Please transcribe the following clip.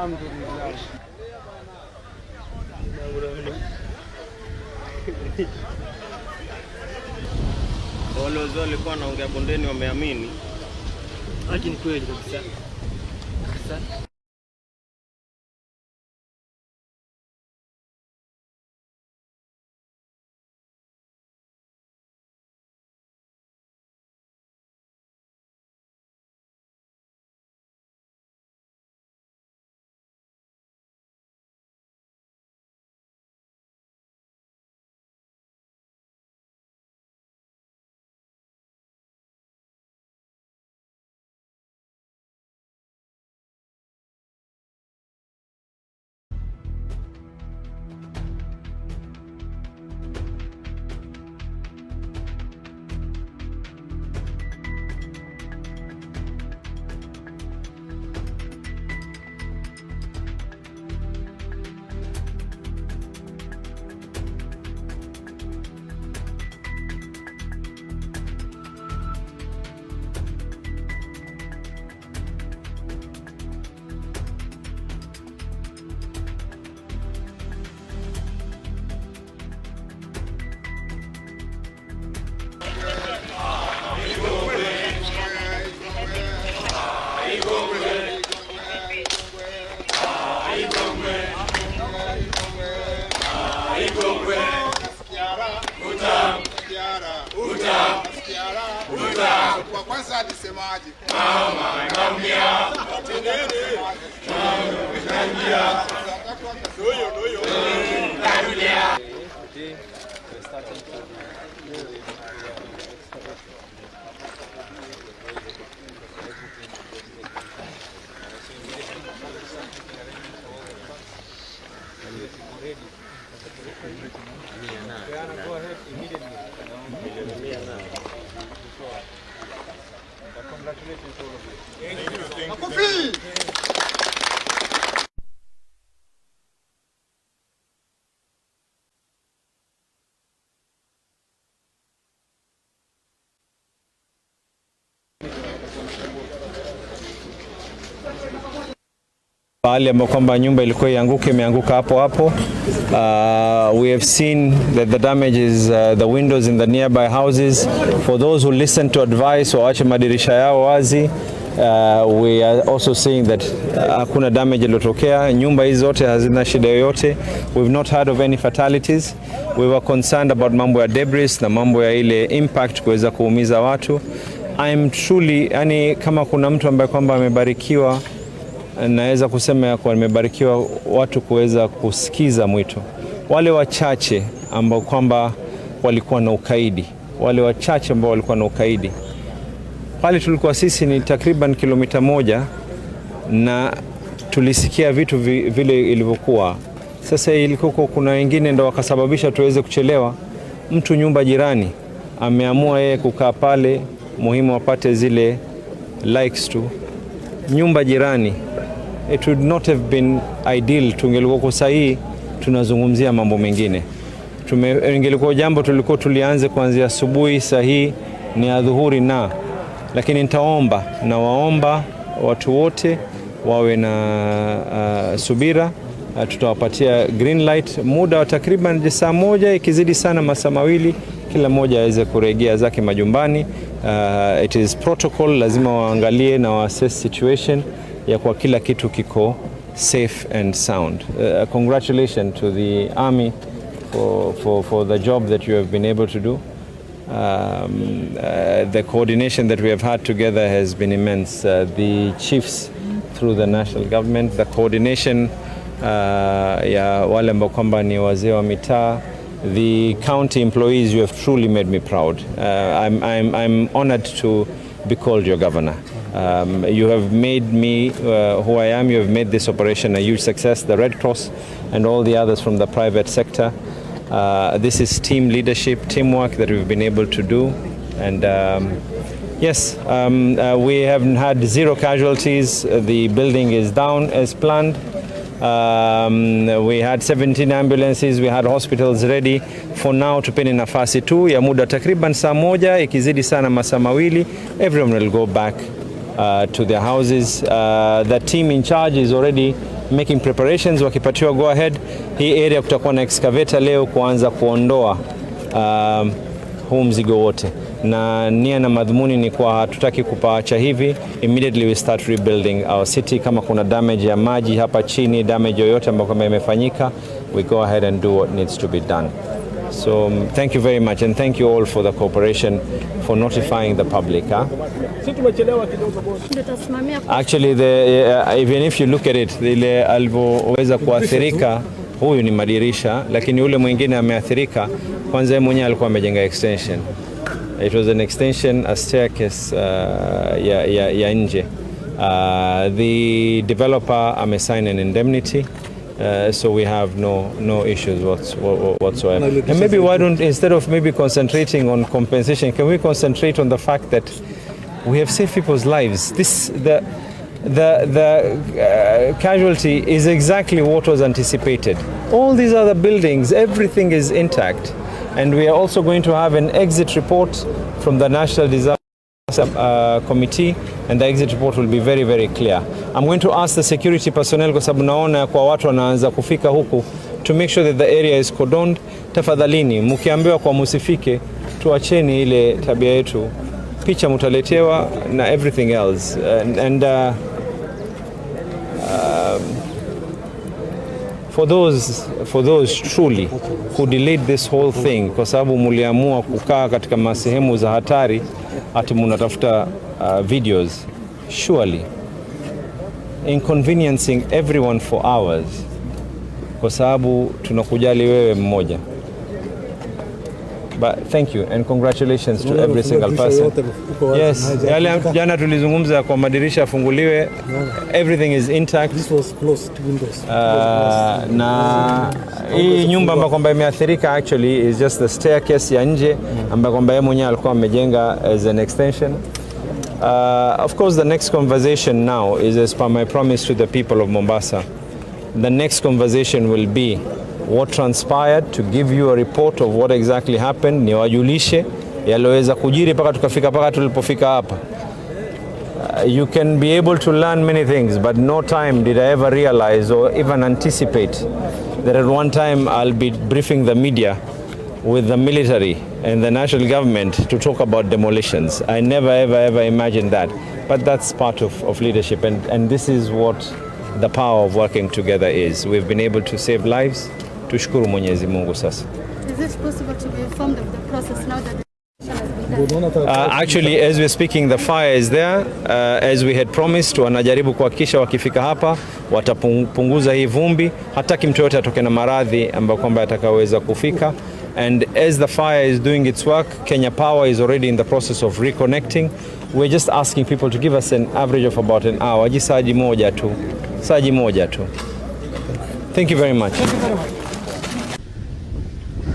Alhamdulillah. Wale wazee walikuwa wanaongea bondeni wameamini. Haki ni kweli Kabisa. Kansa di semaji. Mama calma, Tenere. Mama Gambia. Não doyo. Gambia. Yeah, no, no. Go ahead immediately. Acupi! pahali ambapo kwamba nyumba ilikuwa ianguke imeanguka hapo hapo. Uh, we have seen that the damage is uh, the windows in the nearby houses. For those who listen to advice, waache madirisha yao wazi. Uh, we are also seeing that uh, hakuna uh, damage iliyotokea. Nyumba hizi zote hazina shida yoyote. We've not heard of any fatalities. We were concerned about mambo ya debris na mambo ya ile impact kuweza kuumiza watu. I'm truly yani, kama kuna mtu ambaye kwamba amebarikiwa naweza kusema ya kuwa nimebarikiwa watu kuweza kusikiza mwito, wale wachache ambao kwamba walikuwa na ukaidi, wale wachache ambao walikuwa na ukaidi. Pale tulikuwa sisi ni takriban kilomita moja na tulisikia vitu vile ilivyokuwa. Sasa ilikuwa kuna wengine ndo wakasababisha tuweze kuchelewa. Mtu nyumba jirani ameamua yeye kukaa pale, muhimu apate zile likes tu, nyumba jirani it would not have been ideal, tungelikuwa kwa sahihi tunazungumzia mambo mengine. Ingelikuwa jambo tulikuwa tulianze kuanzia asubuhi sahihi ni adhuhuri na, lakini nitaomba na waomba watu wote wawe na uh, subira uh, tutawapatia green light muda wa takriban saa moja, ikizidi sana masaa mawili kila mmoja aweze kurejea zake majumbani. Uh, it is protocol, lazima waangalie na wa assess situation ya kwa kila kitu kiko safe and sound. Uh, congratulations to the army for, for, for the job that you have been able to do. Um, uh, the coordination that we have had together has been immense. Uh, the chiefs through the national government, the coordination uh, ya wale ambao kwamba ni wazee wa mitaa, the county employees, you have truly made me proud. Uh, I'm, I'm, I'm honored to be called your governor. Um, you have made me uh, who I am. You have made this operation a huge success. The Red Cross and all the others from the private sector. Uh, this is team leadership, teamwork that we've been able to do. And um, yes, um, uh, we have had zero casualties. Uh, the building is down as planned. Um, we had 17 ambulances, we had hospitals ready for now. Tupeni nafasi tu ya muda takriban saa moja, ikizidi sana masaa mawili, everyone will go back uh, to their houses. Uh, the team in charge is already making preparations. Wakipatiwa go ahead, hii area kutakuwa na excavator leo kuanza kuondoa um, huu mzigo wote, na nia na madhumuni ni kwa hatutaki kupaacha hivi. Immediately we start rebuilding our city. Kama kuna damage ya maji hapa chini, damage yoyote ambayo kwamba imefanyika, we go ahead and do what needs to be done. So um, thank you very much and thank you all for the cooperation for notifying the public. Huh? Actually the, uh, even if you look at it ile alivyoweza kuathirika huyu ni madirisha, lakini ule mwingine ameathirika. Kwanza yeye mwenyewe alikuwa amejenga extension, it was an extension a staircase uh, ya, ya, ya nje. Uh, the developer amesign an indemnity Uh, so we have no no issues whatsoever. And maybe why don't instead of maybe concentrating on compensation, can we concentrate on the fact that we have saved people's lives? This the the the uh, casualty is exactly what was anticipated. All these other buildings, everything is intact, and we are also going to have an exit report from the National Disaster uh, Committee and the exit report will be very very clear. I'm going to ask the security personnel kwa sababu naona kwa watu wanaanza kufika huku to make sure that the area is cordoned. Tafadhalini, mkiambiwa kwa musifike, tuacheni ile tabia yetu, picha mutaletewa na everything else and, and uh, for those, for those truly who delayed this whole thing, kwa sababu muliamua kukaa katika masehemu za hatari ati munatafuta uh, videos surely inconveniencing everyone for hours, kwa sababu tunakujali wewe mmoja. But thank you and congratulations to every single person. Yes, yale jana tulizungumza kwa madirisha yafunguliwe, everything is intact. This was closed windows. Uh, Na hii nyumba ambayo kwamba imeathirika actually is just the staircase ya nje mm. ambayo kwamba yeye mwenyewe alikuwa amejenga as an extension. Uh, of course the next conversation now is as per my promise to the people of Mombasa. The next conversation will be what transpired to give you a report of what exactly happened, niwajulishe yaliyoweza kujiri mpaka tukafika mpaka tulipofika hapa. Uh, you can be able to learn many things but no time did I ever realize or even anticipate that at one time I'll be briefing the media with the military and the national government to talk about demolitions. I never ever ever imagined that. But that's part of, of leadership and, and this is what the power of working together is. We've been able to save lives. Tushukuru Mwenyezi Mungu sasa. Uh, actually as we're speaking the fire is there uh, as we had promised. Wanajaribu kuhakikisha wakifika hapa watapunguza hii vumbi, hataki mtu yote atoke na maradhi ambayo kwamba atakaweza kufika and as the fire is doing its work Kenya Power is already in the process of reconnecting. We're just asking people to give us an average of about an hour, jisaji moja tu, saji moja tu. Thank you very much.